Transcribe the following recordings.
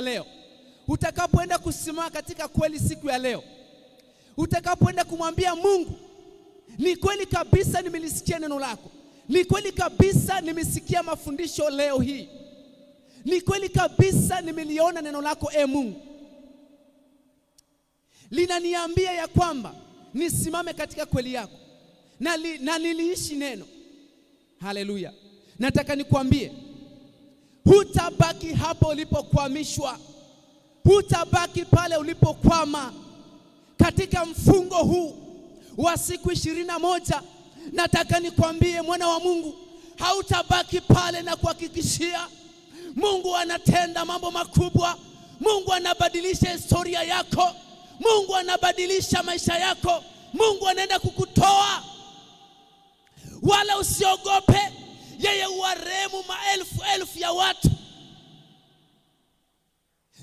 leo, utakapoenda kusimama katika kweli siku ya leo, utakapoenda kumwambia Mungu, ni kweli kabisa nimelisikia neno lako, ni kweli kabisa nimesikia mafundisho leo hii, ni kweli kabisa nimeliona neno lako e Mungu, linaniambia ya kwamba nisimame katika kweli yako na, li, na niliishi neno. Haleluya! Nataka nikwambie Hutabaki hapo ulipokwamishwa, hutabaki pale ulipokwama. Katika mfungo huu wa siku ishirini na moja nataka nikwambie mwana wa Mungu, hautabaki pale na kuhakikishia Mungu anatenda mambo makubwa. Mungu anabadilisha historia yako. Mungu anabadilisha maisha yako. Mungu anaenda kukutoa, wala usiogope yeye huwarehemu maelfu elfu ya watu.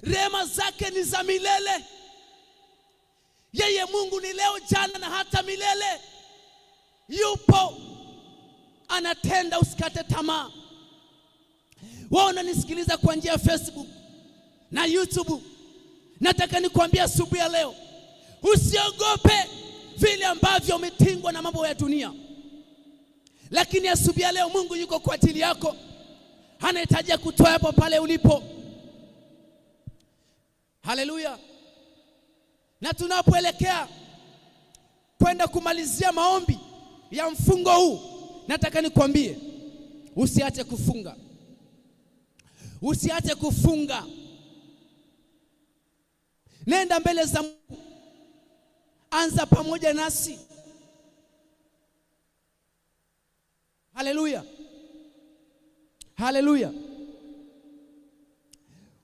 Rehema zake ni za milele. Yeye Mungu ni leo, jana na hata milele. Yupo anatenda, usikate tamaa. Wewe unanisikiliza kwa njia ya Facebook na YouTube, nataka nikwambia asubuhi ya leo, usiogope vile ambavyo umetingwa na mambo ya dunia. Lakini asubia leo Mungu yuko kwa ajili yako, anahitaji ya kutoa hapo pale ulipo. Haleluya! Na tunapoelekea kwenda kumalizia maombi ya mfungo huu, nataka nikwambie usiache kufunga, usiache kufunga. Nenda mbele za Mungu, anza pamoja nasi. Haleluya, haleluya.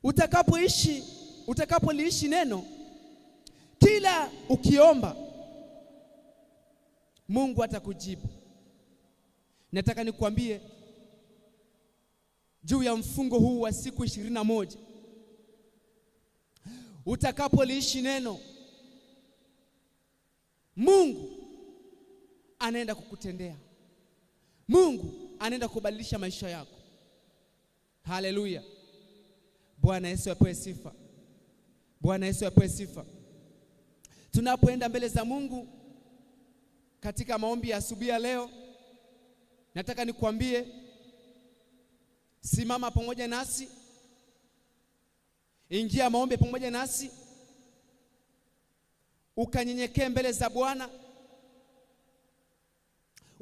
Utakapoishi, utakapoliishi neno, kila ukiomba Mungu atakujibu. Nataka nikuambie juu ya mfungo huu wa siku ishirini na moja. Utakapoliishi neno, Mungu anaenda kukutendea. Mungu anaenda kubadilisha maisha yako. Haleluya! Bwana Yesu apewe sifa. Bwana Yesu apewe sifa. Tunapoenda mbele za Mungu katika maombi ya asubuhi ya leo, nataka nikuambie, simama pamoja nasi, ingia maombi pamoja nasi, ukanyenyekee mbele za Bwana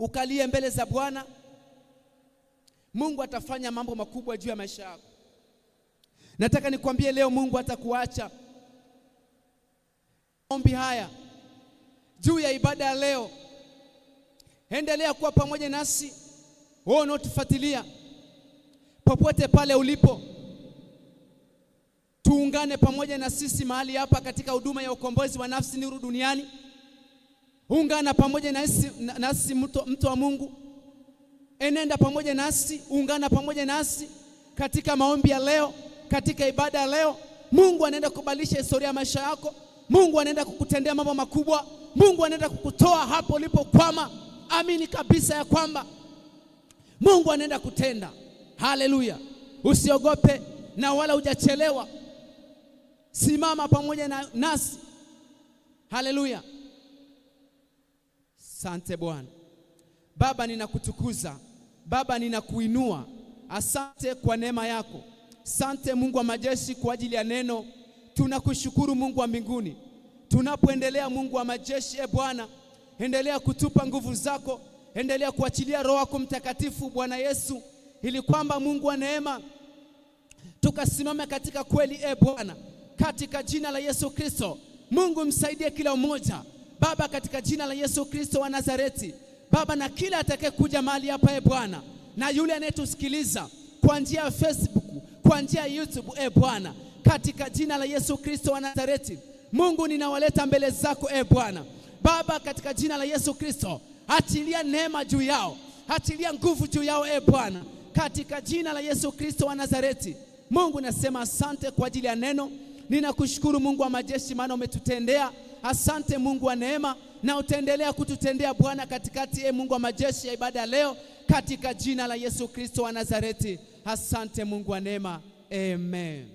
ukalie mbele za Bwana, Mungu atafanya mambo makubwa juu ya maisha yako. Nataka nikwambie leo, Mungu hatakuacha. Ombi haya juu ya ibada ya leo, endelea kuwa pamoja nasi, wewe unaotufuatilia popote pale ulipo, tuungane pamoja na sisi mahali hapa katika huduma ya ukombozi wa nafsi Nuru Duniani ungana pamoja nasi, nasi mtu, mtu wa Mungu, enenda pamoja nasi, ungana pamoja nasi katika maombi ya leo, katika ibada ya leo. Mungu anaenda kubadilisha historia ya maisha yako. Mungu anaenda kukutendea mambo makubwa. Mungu anaenda kukutoa hapo ulipokwama. Amini kabisa ya kwamba Mungu anaenda kutenda. Haleluya! Usiogope na wala hujachelewa. Simama pamoja na nasi. Haleluya! Asante Bwana. Baba, ninakutukuza Baba, ninakuinua. Asante kwa neema yako. sante Mungu wa majeshi kwa ajili ya neno. Tunakushukuru Mungu wa mbinguni. Tunapoendelea Mungu wa majeshi, e Bwana, endelea kutupa nguvu zako, endelea kuachilia Roho yako Mtakatifu, Bwana Yesu, ili kwamba Mungu wa neema tukasimame katika kweli, e Bwana, katika jina la Yesu Kristo. Mungu msaidie kila mmoja Baba, katika jina la Yesu Kristo wa Nazareti, Baba, na kila atakayekuja mahali hapa, e Bwana, na yule anayetusikiliza kwa njia ya Facebook, kwa njia ya YouTube, e Bwana, katika jina la Yesu Kristo wa Nazareti, Mungu ninawaleta mbele zako, e Bwana. Baba, katika jina la Yesu Kristo, atilia neema juu yao, atilia nguvu juu yao, e Bwana, katika jina la Yesu Kristo wa Nazareti. Mungu nasema asante kwa ajili ya neno. Ninakushukuru Mungu wa majeshi, maana umetutendea Asante Mungu wa neema, na utaendelea kututendea Bwana katikati, e Mungu wa majeshi, ya ibada leo katika jina la Yesu Kristo wa Nazareti. Asante Mungu wa neema, amen.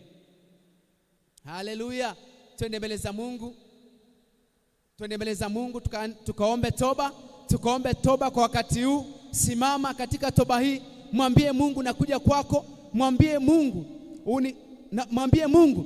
Haleluya, twende mbele za Mungu, twende mbele za Mungu tuka, tukaombe toba, tukaombe toba kwa wakati huu. Simama katika toba hii, mwambie Mungu nakuja kwako, mwambie Mungu uni, na, mwambie Mungu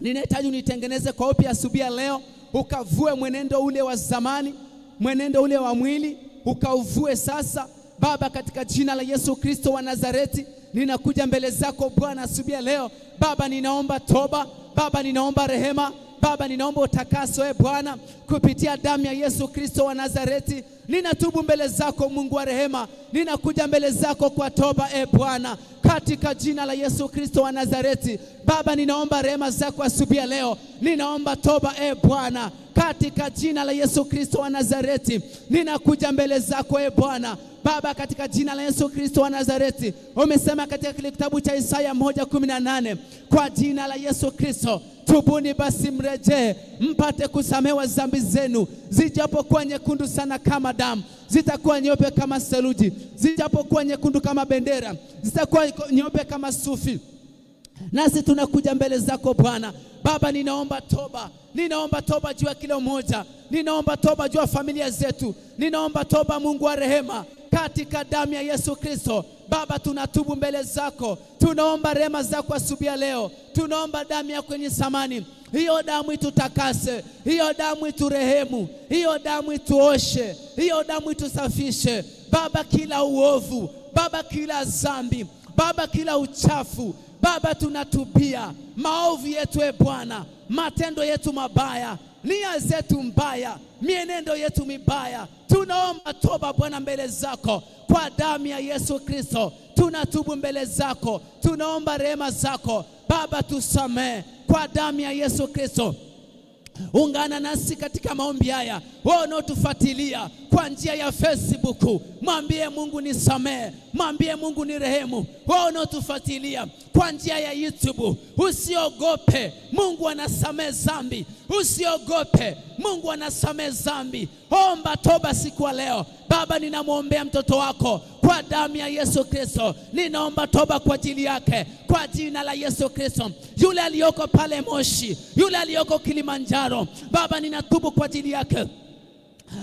ninahitaji unitengeneze kwa upya asubuhi leo ukavue mwenendo ule wa zamani, mwenendo ule wa mwili ukauvue sasa. Baba, katika jina la Yesu Kristo wa Nazareti, ninakuja mbele zako Bwana asubuhi ya leo. Baba, ninaomba toba. Baba, ninaomba rehema. Baba, ninaomba utakaso, e Bwana, kupitia damu ya Yesu Kristo wa Nazareti. Ninatubu mbele zako Mungu wa rehema, ninakuja mbele zako kwa toba, e Bwana, katika jina la Yesu Kristo wa Nazareti. Baba, ninaomba rehema zako asubuhi ya leo. Ninaomba toba e Bwana, katika jina la Yesu Kristo wa Nazareti. Ninakuja mbele zako e Bwana Baba, katika jina la Yesu Kristo wa Nazareti. Umesema katika kile kitabu cha Isaya 1:18 kwa jina la Yesu Kristo Tubuni basi mrejee, mpate kusamewa dhambi zenu. Zijapokuwa nyekundu sana kama damu, zitakuwa nyeupe kama seluji. Zijapokuwa nyekundu kama bendera, zitakuwa nyeupe kama sufi. Nasi tunakuja mbele zako Bwana Baba, ninaomba toba, ninaomba toba juu ya kila mmoja, ninaomba toba juu ya familia zetu, ninaomba toba Mungu wa rehema, katika damu ya Yesu Kristo. Baba, tunatubu mbele zako, tunaomba rehema zako asubuhi ya leo, tunaomba damu yako yenye thamani hiyo damu itutakase, hiyo damu iturehemu, hiyo damu ituoshe, hiyo damu itusafishe Baba, kila uovu Baba, kila dhambi Baba, kila uchafu Baba, tunatubia maovu yetu, e Bwana, matendo yetu mabaya, nia zetu mbaya, mienendo yetu mibaya. Tunaomba toba Bwana mbele zako kwa damu ya Yesu Kristo, tunatubu mbele zako, tunaomba rehema zako Baba, tusamee kwa damu ya Yesu Kristo. Ungana nasi katika maombi haya, wewe unaotufuatilia kwa njia ya Facebook, mwambie Mungu ni samehe mwambie Mungu ni rehemu. Wewe unaotufuatilia kwa njia ya YouTube, usiogope, Mungu anasamehe dhambi. Usiogope, Mungu anasamehe dhambi. Omba toba siku ya leo. Baba, ninamwombea mtoto wako kwa damu ya Yesu Kristo. Ninaomba toba kwa ajili yake kwa jina la Yesu Kristo, yule aliyoko pale Moshi, yule aliyoko Kilimanjaro, Baba ninatubu kwa ajili yake.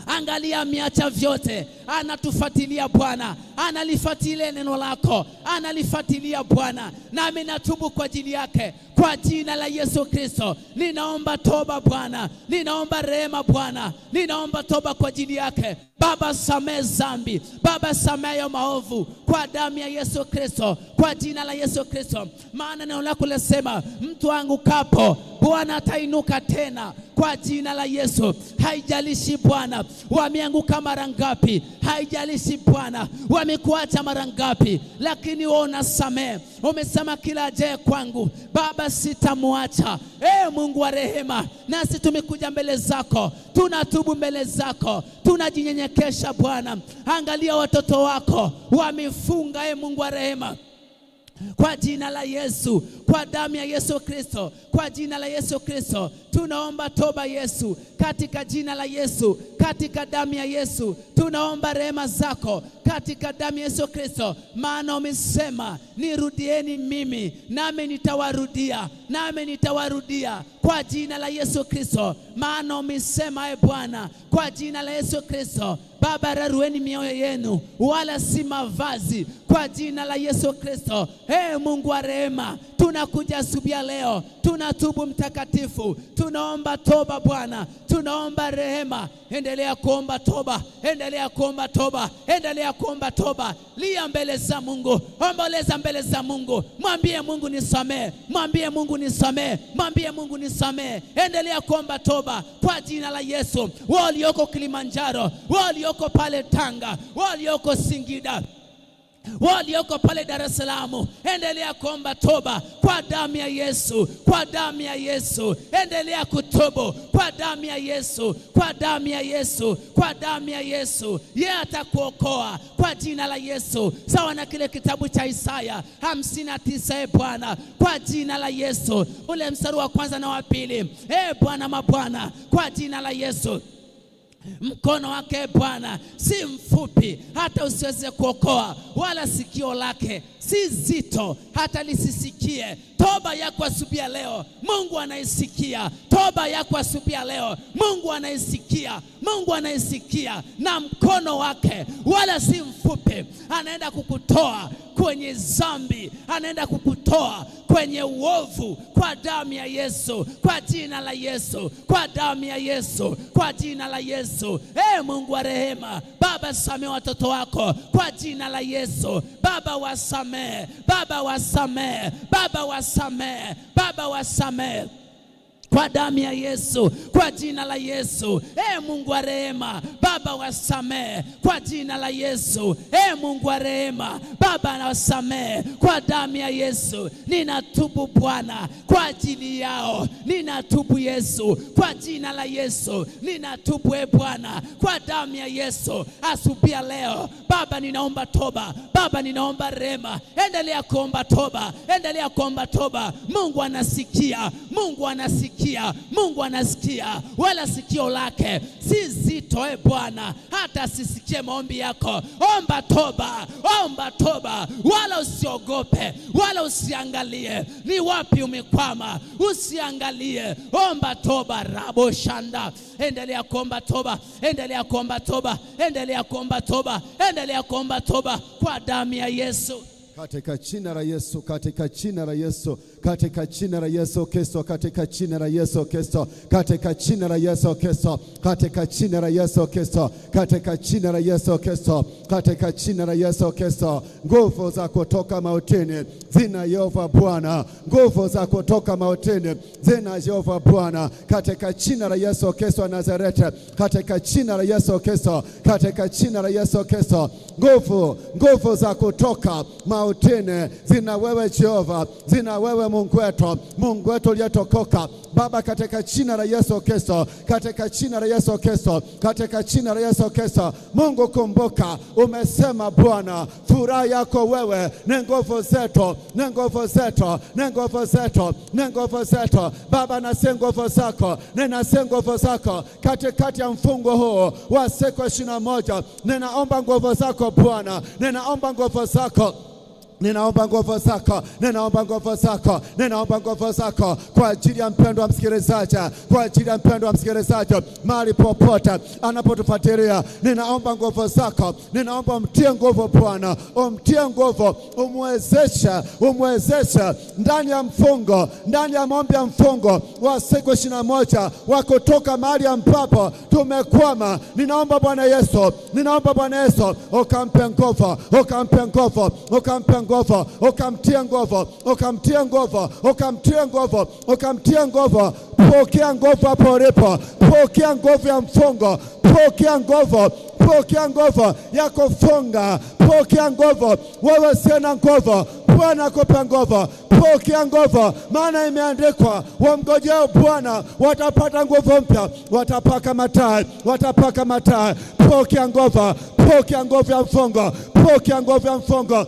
Angalia, ameacha vyote, anatufuatilia Bwana, analifuatilia neno lako, analifuatilia Bwana, nami natubu kwa ajili yake kwa jina la Yesu Kristo. Ninaomba toba Bwana, ninaomba rehema Bwana, ninaomba toba kwa ajili yake. Baba, samehe zambi Baba, samehe maovu kwa damu ya Yesu Kristo, kwa jina la Yesu Kristo, maana neno lako linasema mtu angukapo Bwana atainuka tena kwa jina la Yesu. Haijalishi Bwana wameanguka mara ngapi, haijalishi Bwana wamekuacha mara ngapi, lakini wewe unasamehe Umesema kila ajaye kwangu Baba sitamwacha. E Mungu wa rehema, nasi tumekuja mbele zako, tunatubu mbele zako, tunajinyenyekesha Bwana. Angalia watoto wako wamefunga, e Mungu wa rehema kwa jina la Yesu, kwa damu ya Yesu Kristo, kwa jina la Yesu Kristo tunaomba toba Yesu, katika jina la Yesu katika damu ya Yesu tunaomba rehema zako katika damu ya Yesu Kristo, maana umesema nirudieni mimi nami nitawarudia, nami nitawarudia kwa jina la Yesu Kristo. Maana umesema e Bwana, kwa jina la Yesu Kristo Baba, rarueni mioyo yenu wala si mavazi, kwa jina la Yesu Kristo. Ee Mungu wa rehema tunakuja asubuhi ya leo, tunatubu mtakatifu, tunaomba toba Bwana, tunaomba rehema. Endelea kuomba toba, endelea kuomba toba, endelea kuomba toba. Lia mbele za Mungu, omboleza mbele za Mungu, mwambie Mungu nisamee, mwambie Mungu nisamee, mwambie Mungu nisamee. Endelea kuomba toba kwa jina la Yesu. Wao walioko Kilimanjaro, wao walioko pale Tanga, wao walioko Singida walioko pale Dar es Salaam, endelea kuomba toba kwa damu ya Yesu, kwa damu ya Yesu. Endelea kutubu kwa damu ya Yesu, kwa damu ya Yesu, kwa damu ya Yesu. Yeye atakuokoa kwa jina la Yesu, sawa na kile kitabu cha Isaya hamsina tisa. E Bwana, kwa jina la Yesu, ule mstari wa kwanza na wa pili. E Bwana mabwana, kwa jina la Yesu Mkono wake Bwana si mfupi hata usiweze kuokoa, wala sikio lake si zito hata lisisikie. Toba yako asubuhi ya leo, Mungu anaisikia. Toba yako asubuhi ya leo, Mungu anaisikia. Mungu anaisikia, na mkono wake wala si mfupi, anaenda kukutoa kwenye dhambi, anaenda kukutoa kutoa kwenye uovu kwa damu ya Yesu, kwa jina la Yesu, kwa damu ya Yesu, kwa jina la Yesu. E Mungu wa rehema, Baba samee watoto wako kwa jina la Yesu. Baba wasamee, Baba wasamee, Baba wasamee, Baba wasamee kwa damu ya Yesu, kwa jina la Yesu. E Mungu wa rehema, Baba wasamehe kwa jina la Yesu. E Mungu wa rehema, Baba nawasamehe kwa damu ya Yesu. Ninatubu Bwana kwa ajili yao, ninatubu Yesu kwa jina la Yesu, ninatubu e Bwana kwa damu ya Yesu. Asubia leo Baba, ninaomba toba Baba, ninaomba rehema. Endelea kuomba toba, endelea kuomba toba. Mungu anasikia, Mungu anasikia anasikia, Mungu anasikia, wala sikio lake si zito. E Bwana, hata sisikie maombi yako. Omba toba, omba toba, wala usiogope, wala usiangalie ni wapi umekwama, usiangalie. Omba toba, rabo shanda. Endelea kuomba toba, endelea kuomba toba, endelea kuomba toba, endelea kuomba toba kwa damu ya Yesu katika jina la Yesu, katika jina la Yesu, katika jina la Yesu Kristo, katika jina la Yesu Kristo, katika jina la Yesu Kristo, katika jina la Yesu Kristo, katika jina la Yesu Kristo, katika jina la Yesu Kristo. Nguvu za kutoka mautini zina Yehova Bwana, nguvu za kutoka mautini zina Yehova Bwana, katika jina la Yesu Kristo wa Nazareti, katika jina la Yesu Kristo, katika jina la Yesu Kristo, nguvu nguvu za kutoka mautini zina utini, zina wewe Jehova, zina wewe Mungu wetu, Mungu wetu uliyetokoka Baba, katika jina la Yesu Kristo, katika jina la Yesu Kristo, katika jina la Yesu Kristo. Mungu kumbuka, umesema Bwana, furaha yako wewe ni nguvu zetu, ni nguvu zetu, ni nguvu zetu, ni nguvu zetu. Baba, nasi nguvu zako, ninasi nguvu zako katikati ya mfungo huu wa siku ishirini na moja. Ninaomba nguvu zako Bwana, ninaomba nguvu zako ninaomba nguvu zako, ninaomba nguvu zako, ninaomba nguvu zako kwa ajili ya mpendwa msikilizaji, kwa ajili ya mpendo wa msikilizaji mahali popote anapotufuatilia, ninaomba nguvu zako, ninaomba umtie nguvu Bwana, umtie nguvu, umwezesha, umwezeshe ndani ya mfungo, ndani ya maombi ya mfungo wa siku ishirini na moja wa kutoka mahali ambapo tumekwama. Ninaomba Bwana Yesu, ninaomba Bwana Yesu ukampe nguvu, ukampe nguvu, ukampe nguvu, ukamtia nguvu, ukamtia nguvu, ukamtia nguvu, ukamtia nguvu. Pokea nguvu hapo ulipo, pokea nguvu ya mfungo, pokea nguvu, pokea nguvu ya kufunga, pokea nguvu wewe sio na nguvu Bwana akupe nguvu, pokea nguvu, maana imeandikwa wamngojeo Bwana watapata nguvu mpya, watapaka mataa, watapaka mataa. Pokea nguvu, pokea nguvu ya mfungo, pokea nguvu ya mfungo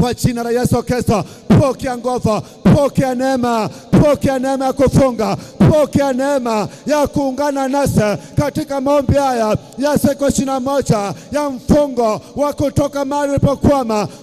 kwa jina la Yesu Kristo, pokea nguvu, pokea neema, pokea neema ya kufunga, pokea neema ya kuungana nasi katika maombi haya ya siku ishirini na moja ya mfungo wa kutoka mahali ulipokwama.